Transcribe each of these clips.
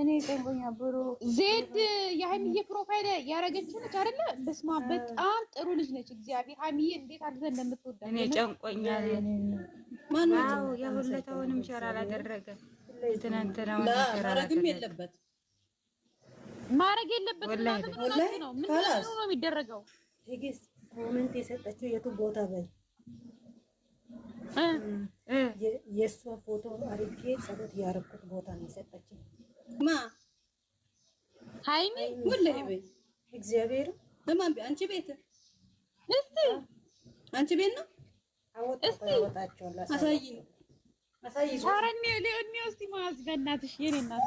እኔ ጨንቆኛ ብሩ ዜድ የሀይሚዬ ፕሮፋይል ያደረገችው ነች አይደለ? በስማ በጣም ጥሩ ልጅ ነች። እግዚአብሔር ሀይሚዬ እንዴት አድርገ እንደምትወዳ እኔ ጨንቆኛ። ማነው የሁለታውንም ሸራ አላደረገ ትናንትና ማረግም የለበት ማረግ የለበት ነው። ምን የሚደረገው? ትግስት ኮመንት የሰጠችው የቱ ቦታ በይ የእሷ ፎቶ አድርጌ ጸሎት ያደረኩት ቦታ ነው የሰጠችው ማ ሃይሚ ወላሂ በይ እግዚአብሔር በማን ቤት አንቺ ቤት እስቲ አንቺ ቤት ነው። እስቲ አሳይ አሳይ ሳራኒ ለኒ እስቲ ማዝ በእናትሽ የኔ እናት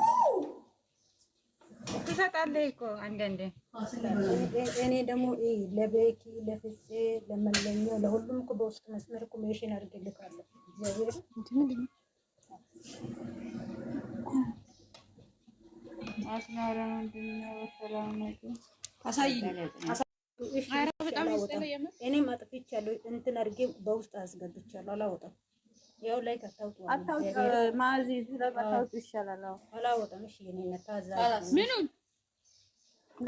ትሰጣለህ እኮ አንዳንዴ እኔ ደግሞ ለቤኪ ለፍፄ ለመለኛ ለሁሉም እኮ በውስጥ መስመር እኮ ሜሽን አድርጌልካለሁ እግዚአብሔር እኔም አጥፍቻለሁ። እንትን አድርጌ በውስጥ አስገብቻለሁ። አላወጣም። ያው ላይ ከታውጡ አታውጡ ማዚ ስለባታውጡ ይሻላል። አላወጣም። እሺ የኔ ነታዛ ምኑን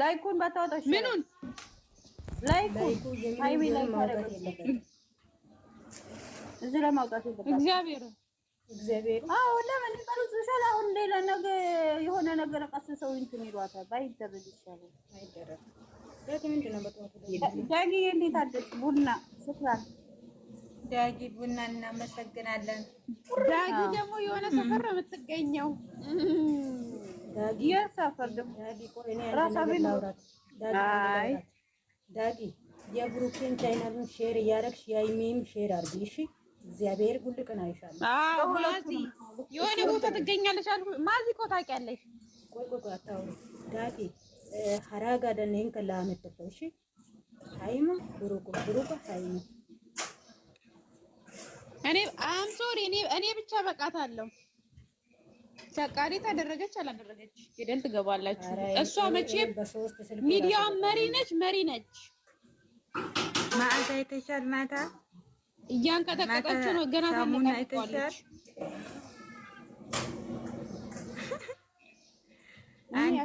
ላይኩን ባታወጣሽ ምኑን ላይኩ ሃይሚ ላይ ካረገ እዚህ ለማውጣት ይገባል እግዚአብሔር እግዚአብሔር አዎ፣ የሆነ ነገር ቀስሰው እንትን ይሏታል። ባይደረግ ይሻላል። እንዴት አደርሽ? ቡና ስፍራ ዳጊ ቡና እናመሰግናለን። ዳጊ ደግሞ የሆነ ሰፈር ነው የምትገኘው። ዳጊ የሰፈር ደግሞ ዳጊ የብሩኬን ቻይናሉን ሼር እያደረግሽ የአይሜም ሼር አድርጊ እሺ እግዚአብሔር ጉልቅን አይሻል። አዎ ማዚ የሆነ ቦታ ትገኛለሽ አሉ ማዚ እኮ ታውቂያለሽ። ቆይ ቆይ ቆይ አታውሪ ዳቲ ሀራጋ ደኔን ከላመጥተው እሺ ሃይማ ብሩቁ ብሩቁ ሃይማ እኔ አም ሶሪ እኔ እኔ ብቻ በቃታለሁ። ተቃሪ ታደረገች አላደረገች ሄደን ትገባላችሁ። እሷ መቼም ሚዲያው መሪ ነች መሪ ነች። ማዕዛ ይተሻል ማታ እያንቀጠቀጣቸው ነው። ገና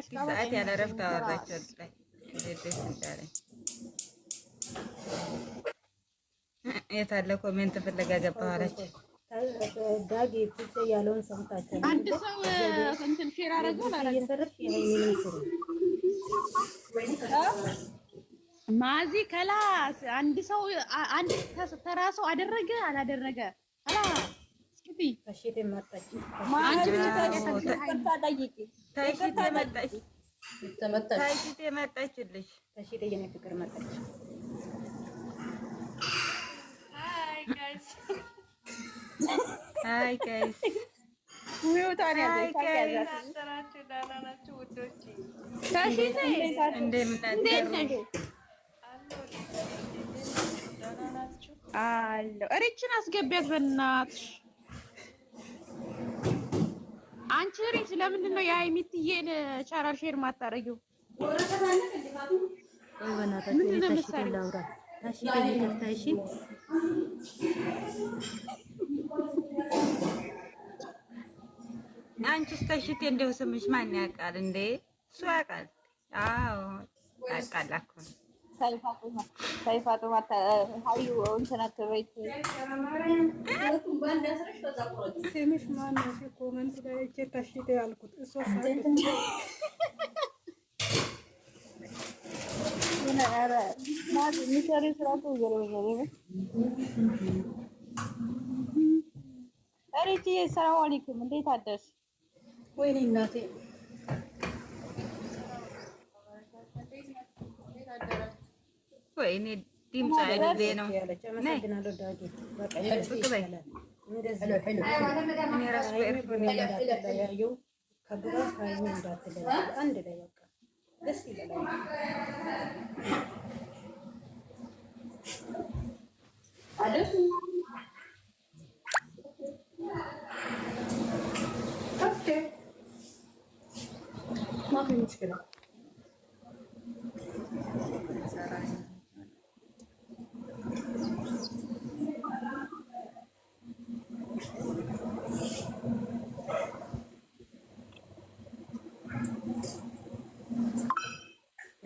ሰዓት ያለ እረፍት አወራቸው ላይ የታለ ኮሜንት ፍለጋ ገባሁ ፍጽ ያለውን ሰምታችሁ አንድ ሰው እንትን ሼር አደረገው ማዚ ከላስ አንድ ሰው አንድ ተራ ሰው አደረገ አላደረገ ከላስ አለው ሪችን አስገቢያት በእናትሽ። አንቺ ሪች ለምንድን ነው የሀይሚትዬን ቻናል ሼር ማታረጊው? ወይ በእናታችሁ እንደው ስምሽ ማን ያውቃል እንዴ? እሱ ያውቃል። አዎ ያውቃል እኮ ስምሽ ማነው? ሰላም አለይኩም እንዴት አደርሽ? ወይኔ እናቴ ቆይ እኔ ድምፅ አይደል ነው። ማፊ ሙሽኪላ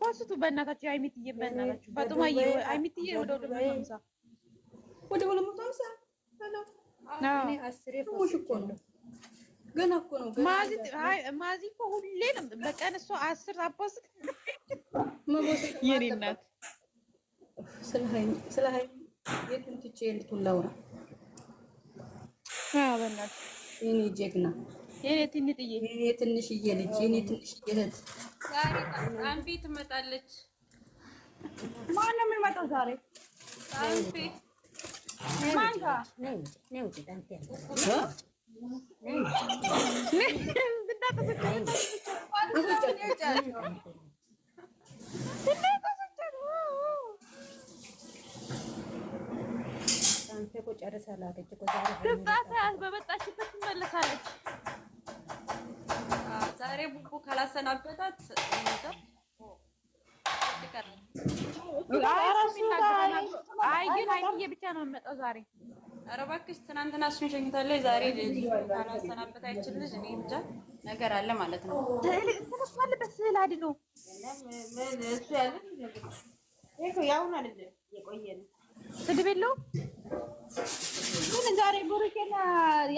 ፖስቱ በእናታችሁ አይሚትዬ በእናታችሁ ፋጡማዬ አይሚትዬ ወደ ወደ መምሳ ወደ ወደ መምሳ ገና እኮ ማዚ እኮ ሁሌ ነው በቀን እሷ አስር አፖስት የኔ እናት ስለ የቱን ትቼ የልቱን ላውራ በእናትሽ የኔ ጀግና የኔ ትንሽዬ ልጅ የኔ ትንሽዬ እህት ዛሬ ጣንፌ ትመጣለች። ማነው የሚመጣው ዛሬ? ጣንፌ ማን ጋር? ጨርሳለች እኮ ዛሬ በመጣችበት ትመለሳለች። ዛሬ ቡቡ ካላሰናበታት አይ ግን አይዬ ብቻ ነው የምመጣው ዛሬ። ኧረ እባክሽ ትናንትና እሱን ሸኝታለች። ዛሬ ካላሰናበት አይችል ልጅ እኔ ብቻ ነገር አለ ማለት ነው። ስላለበት ስዕል አድኖ ስድብ የለውም። ግን ዛሬ ቡሩኬና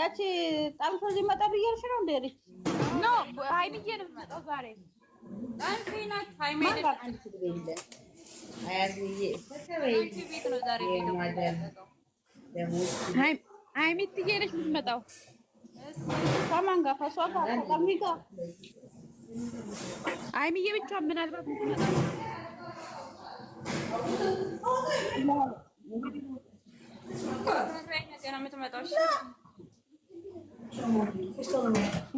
ያቺ ጣልፎ ሊመጣ ብዬሽ ነው እንደ ሀይሚ ትዬ ነሽ የምትመጣው ከማን ጋር? ከእሷ ጋር ከሚ ጋር ሀይሚዬ ብቻዋን ምናልባት የምትመጣው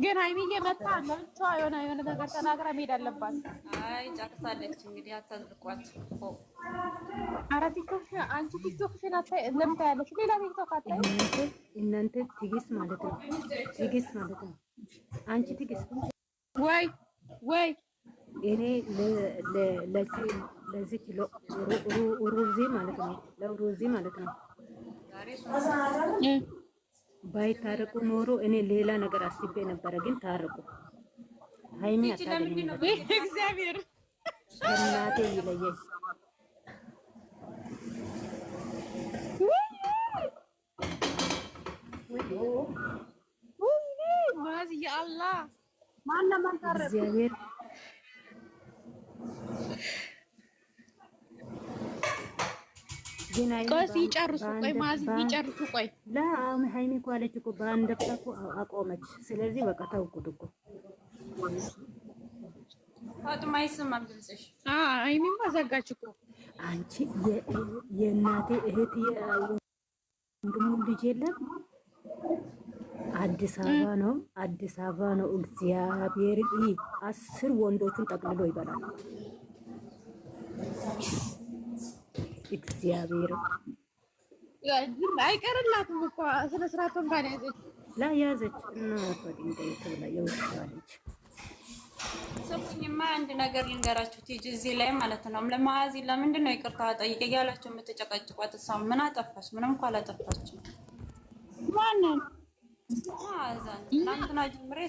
ግን ሀይሚዬ መጣ መብቷ የሆነ የሆነ ነገር ተናግራ መሄድ አለባት። አይ ጨርሳለች እንግዲህ አታዝልቋቸው። ኧረ ቲክቶክ አንቺ ቲክቶክሽን ለምን ያለች ሌላ ቲክቶክ አታይም እናንተ። ትዕግስት ማለት ነው፣ ትዕግስት ማለት ነው። አንቺ ትዕግስት ወይ ወይ እኔ ለዚህ ሩዚ ማለት ነው፣ ለሩዚ ማለት ነው ባይታረቁ ኖሮ እኔ ሌላ ነገር አስቤ ነበረ፣ ግን ታረቁ። ሃይሚ እግዚአብሔር እናቴ ይለየኝ። ቆይ ሲጨርሱ ቆይ ማዚ እኮ አለች እኮ በአንድ እኮ አቆመች። ስለዚህ በቃ ተውኩት እኮ ፋጡማ ዘጋች እኮ አንቺ የእናቴ እህት ወንድሙ ልጅ የለም አዲስ አበባ ነው፣ አዲስ አበባ ነው። እግዚአብሔር አስር ወንዶቹን ጠቅልሎ ይበላል። እግዚአብሔር አይቀርላትም እኮ ስነ ስርዓቱን ድንጋይ ተብላ አንድ ነገር ልንገራችሁ። ቲጂ እዚህ ላይ ማለት ነው ለማያዚ ለምንድን ነው ይቅርታ የምትጨቀጭቋት? እሷ ምን አጠፋች? ምንም እኮ አላጠፋችም። ማንን ትናንትና ጀምሬ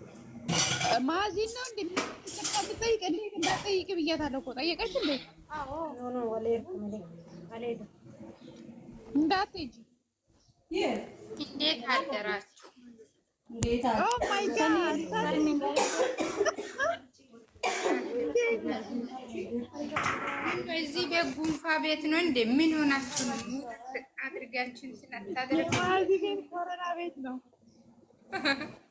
ማዚን ነው እንደሚጠይቅ እንዴ እንዳጠይቅ ብያታለሁ እኮ ጠየቀች እንዴ? እንዳትሄጂ እንዴት አደራችሁ? እዚህ oh በጉንፋ ቤት ነው እንዴ ምን ሆናችሁ ነው አድርጋችሁ ስላታደረግ ቤት ነው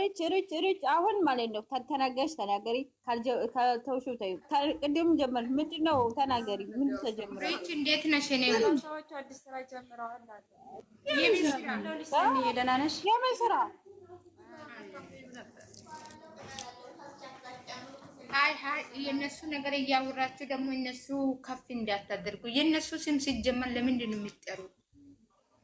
ሪች ሪች ሪች አሁን ማለት ነው። ተናገርሽ ተናገሪ፣ ተውሽ ተይው። ቅድም ጀመርሽ ምንድን ነው? ተናገሪ። ምን ተጀምረ? እንዴት ነሽ? ደህና ነሽ? የምን ስራ? የእነሱ ነገር እያወራችሁ ደግሞ እነሱ ከፍ እንዳታደርጉ። የእነሱ ስም ሲጀመር ለምንድን ነው የሚጠሩት?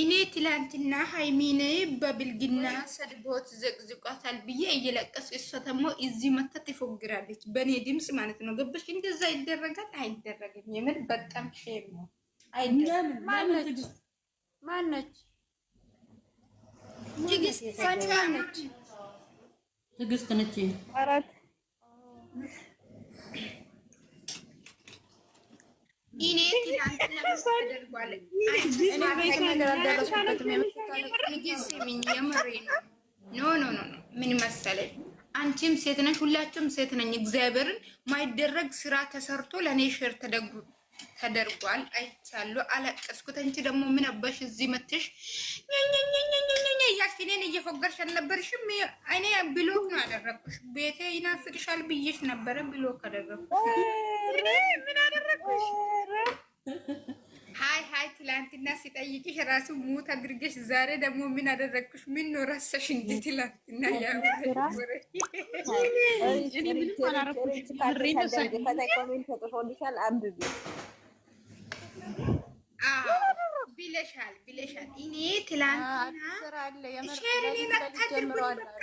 እኔ ትላንትና ሀይሚን በብልግና ሰድቦት ዘቅዝቋታል ብዬ እየለቀሱ እሷ ደግሞ እዚህ መታ ትፎግራለች፣ በእኔ ድምፅ ማለት ነው። ገባሽ? እንደዛ ይደረጋል አይደረግም? የምር በጣም ሼም ነው። ማነች? ትግስት ነች። እኔ ትናንትና ተደርጓል። ኖ ኖ ኖ ምን መሰለኝ፣ አንቺም ሴት ነሽ፣ ሁላችሁም ሴት ነኝ። እግዚአብሔርን ማይደረግ ስራ ተሰርቶ ለእኔ ሼር ተደጉ ተደርጓል። አይቻሉ አለቀስኩት። አንቺ ደግሞ ምን አባሽ እዚህ መትሽ ኛኛኛኛኛኛ እያልፊኔን እየፎገርሽ አልነበርሽም? እኔ ብሎክ ነው ያደረግኩሽ። ቤቴ ይናፍቅሻል ብዬሽ ነበረ ብሎክ አደረግኩሽ። ምን አደረግኩሽ? هاي هاي تلانت الناس يتأيكي راسو موت هدرجش زاري ده مو من هذا ذكش منه رسا شنجت لانت النايا بلاشال بلاشال إني تلانت شيرني نتاجر بلوك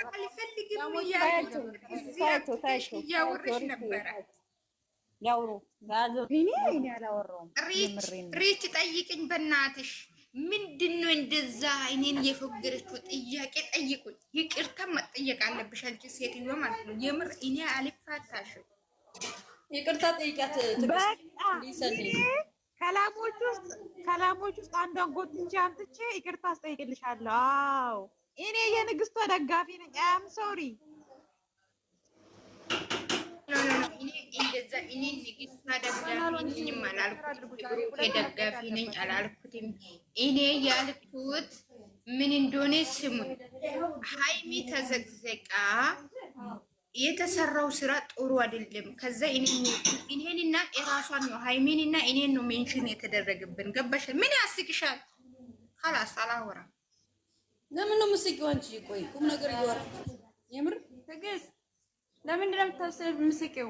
قال يفلق المياه يا ورش نبرات ያውሩ ሪች ጠይቅኝ፣ በእናትሽ ምንድን ነው እንደዛ እኔን የፈገረችው? ጥያቄ ጠይቁኝ። ይቅርታ መጠየቅ አለብሽ አንቺ ሴትዮ ማለት ነው። የምር እኔ አልፋታሽም። ይቅርታ ጠይቂያት። ከላሞች ውስጥ ከላሞች ውስጥ አንዷን ጎትቼ አምጥቼ ይቅርታ አስጠይቅልሻለሁ። አዎ እኔ የንግስቷ ደጋፊ ነኝ። አም ሶሪ እኔ እኔ ነኝ አላልኩትም። እኔ ያልኩት ምን እንደሆነ ስሙ። ሀይሚ ተዘግዘቃ የተሰራው ስራ ጥሩ አይደለም። ከዛ እኔንና የራሷን ነው ሀይሚንና እኔን ነው ሜንሽን የተደረገብን። ገባሽ? ምን ያስቅሻል? ሀላስ አላወራም። ለምን ነው ምስጊው? አንቺ ቆይ ቁም ነገር እያወራሽ የምር ትግስት ለምንድን ነው የምታስብ ምስቂው?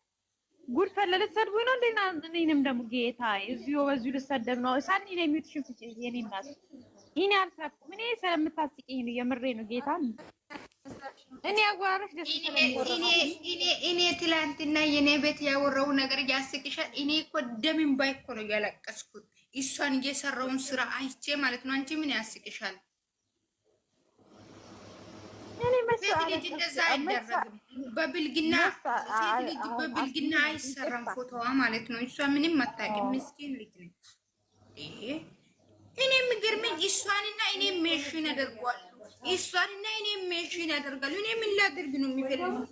ጉድ ፈለ ልትሰድቡ ነው እንዴና? እኔንም ደግሞ ጌታ እዚሁ በዚሁ ልሰደብ ነው። ሳኒ ነው ሚውት ፍጭ የኔ እናት ይኔ አልሳት ምን ስለምታስቂኝ ነው። የምሬ ነው ጌታ እኔ አጓራሽ ደስ እኔ ትላንትና የኔ ቤት ያወራው ነገር ያስቅሻል። እኔ እኮ ደምን ባይኮ ነው ያለቀስኩት እሷን እየሰራውን ስራ አይቼ ማለት ነው። አንቺ ምን ያስቅሻል? ሴት ልጅ እንደዛ አይደረግም። በብልግና ሴት ልጅ በብልግና አይሰራም። ፎቶዋ ማለት ነው። እሷ ምንም አታውቅም። ምስኪን ልጅ ነች። እኔ የሚገርመኝ እሷንና እኔ ሜሽን ያደርጓል። እሷንና እኔ ሜሽን ያደርጋሉ። እኔ ምን ላደርግ ነው የሚፈልጉት?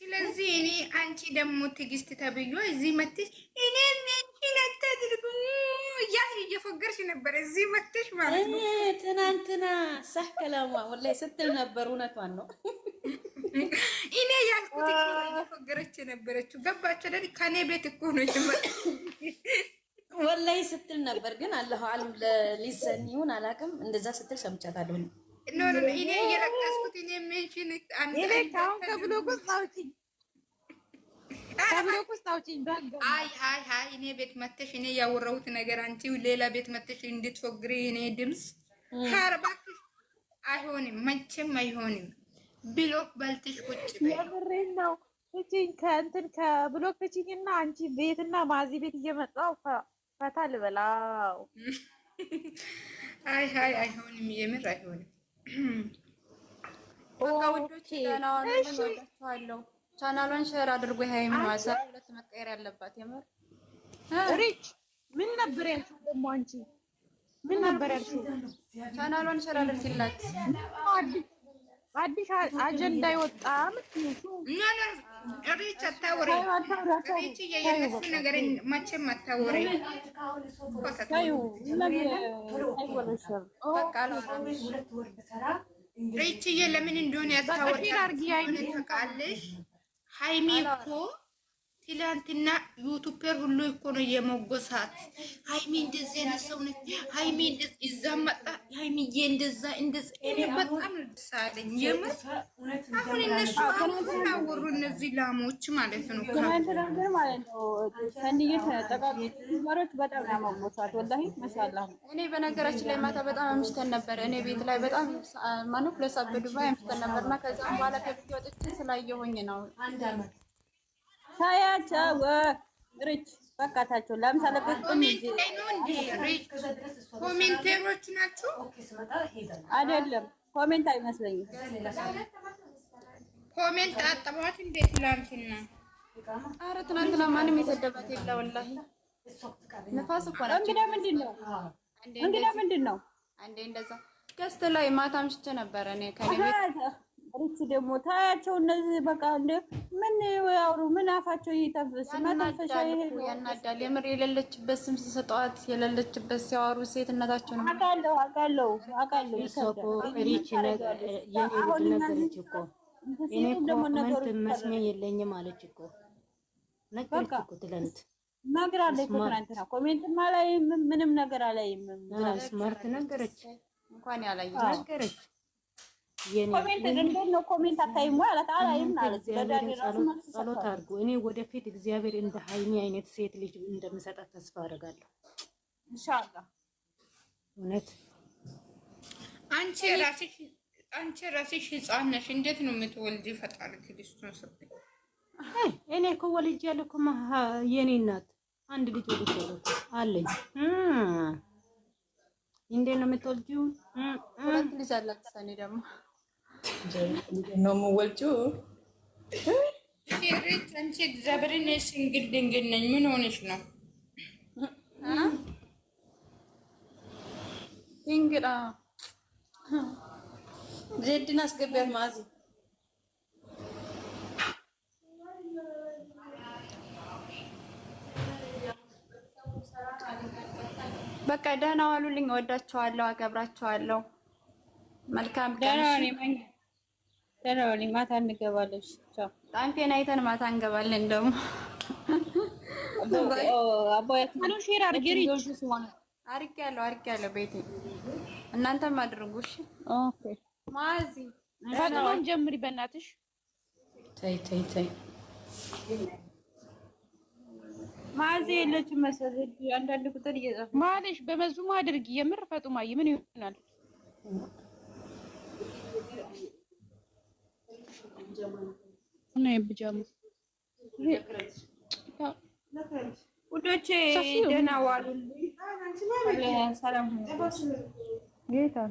ስለዚህ እኔ አንቺ ደግሞ ትዕግስት ተብዬ እዚህ መጥተሽ እኔ እያስፎገርሽ ነበር እዚህ መተሽ ማለት ነው። ትናንትና ሳህ ከላማ ወላሂ ስትል ነበር። እውነቷን ነው። እኔ ያልኩት እየፎገረች የነበረችው ገባቸው ደ ከኔ ቤት እኮ ነው ወላሂ ስትል ነበር። ግን አለሁ አለም ሊዘኒውን አላውቅም። እንደዛ ስትል ሰምቻታለሁ። እኔ እየለቀስኩት እኔ ሜንሽን አንድ ከብሎ ጎጻውችኝ አይ አይ አይ እኔ ቤት መተሽ እኔ ያወራሁት ነገር አንቺ ሌላ ቤት መተሽ እንድትፎግሪ እኔ ድምፅ ከርባክሽ አይሆንም፣ መቼም አይሆንም። ብሎክ በልትሽ ቁጭ የምሬን ነው። ፍቺኝ ከእንትን ከብሎክ ፍቺኝ እና አንቺ ቤትና ማዚ ቤት እየመጣው ፈታ ልበላው። አይ አይ አይሆንም፣ የምር አይሆንም። ወዶች ናዋለሁ ቻናሏን ሼር አድርጎ ይሄ የሚማሳ ሁለት መቀየር ያለባት የምር ሪች ምን ነበር ያልሽው? ደግሞ አንቺ ምን ነበር ያልሽው? ቻናሏን ሼር አድርጊላት። አዲስ አጀንዳ ይወጣ ሪች አታወሪ፣ ሪች የየነሱ ነገር መቼም አታወሪ። ሪችዬ ለምን እንደሆነ ያታወሪ ታውቃለሽ 海米菇。ትላንትና ዩቱበር ሁሉ እኮ ነው የሞጎሳት። ሃይሚ እንደዛ አይነት ሰው ነች። ሃይሚ እዛ መጣ ሃይሚዬ እንደዛ እንደዛ። እኔ በጣም ደሳለኝ የምር። አሁን እነሱ አሁን አወሩ እነዚህ ላሞች ማለት ነው። ከማንተዳገር ማለት ነው። ሰንዲዬ ተጠቃሚ ዩቱበሮች በጣም ነው ወላሂ ማሻአላህ። እኔ በነገራችን ላይ ማታ በጣም አምሽተን ነበር። እኔ ቤት ላይ በጣም ማነው ለሳብ አምሽተን ነበርና ከዛም በኋላ ከቪዲዮ ወጥቼ ስላየሁኝ ነው አንድ አመት ታያቸው ሪች በቃታቸው። ለምሳሌ ኮሜንቴሮች ናቸው አይደለም? ኮሜንት አይመስለኝም። ኮሜንት አጠባት እንደ ትናንትና። ኧረ ትናንትና ማንም የሰደባት የለ ወላሂ። ንፋስ እኮ ናቸው። እንግዳ ምንድን ነው? እንግዳ ምንድን ነው? አንዴ እንደዛ ገስት ላይ ማታ አምሽቼ ነበረ እኔ ከቤት ሪች ደግሞ ታያቸው እነዚህ በቃ እንደ ምን ያውሩ ምን አፋቸው ይጠብስ መተንፈሻ ይሄዱ ያናዳል። የምር የሌለችበት ስም ሲሰጠዋት የሌለችበት ሲያወሩ ሴትነታቸው ነው። አውቃለሁ አውቃለሁ አውቃለሁ። ይሰጡሪችአሁን ነገረች እኮ እኔ እኮ ኮመንት መስሜ የለኝም አለች እኮ ነገረች እኮ ትለንት ነግራለች እኮ ትናንትና ኮሜንት ማላይ ምንም ነገር አላይም። ስማርት ነገረች እንኳን ያላየ ነገረች ኮሜንት አታይም ወይ አላት። አላይም አለች። ጸሎት አድርጉ። እኔ ወደፊት እግዚአብሔር እንደ ሀይሚ አይነት ሴት ልጅ እንደምሰጣት ተስፋ አደርጋለሁ። ኢንሻአላህ እውነት አንቺ ራስሽ አንቺ ራስሽ ህፃን ነሽ። እንዴት ነው የምትወልድ? ፈጣሪ ክርስቶን ሰጠኝ። እኔ እኮ ወልጅ ያለኩ የኔ እናት አንድ ልጅ ወልጅ ያለኩ አለኝ። እንዴት ነው የምትወልጂው? ሁለት ልጅ አላት ሰኔ ደግሞ ነው የምወልጪው? ሪት አንቺ እግዚአብሔርን ስንግል ድንግል ነኝ። ምን ሆነሽ ነው? ድንግል ዜድን አስገቢያት ማዚ በቃ ደህና ዋሉልኝ። እወዳቸዋለሁ፣ አገብራቸዋለሁ። መልካም ደህና ተናውሊ ማታ እንገባለን። ቻው ጣንቴን አይተን ማታ እንገባለን። ደግሞ አባያት ሼር አርገሪ አርክ ያለው አርክ ያለው ቤቴ እናንተም አድርጉ። እሺ ኦኬ። ማዚ ፈጥማን ጀምሪ በእናትሽ። ተይ ተይ ተይ። ማዚ የለችም መሰለኝ። አንዳንድ ቁጥር እየጻፈ ማለሽ በመዙም አድርጊ። የምር ፈጡማዬ ምን ይሆናል? እና የብጃማ ውዶቼ ደህና ዋሉልኝ። ሰላም ጌታ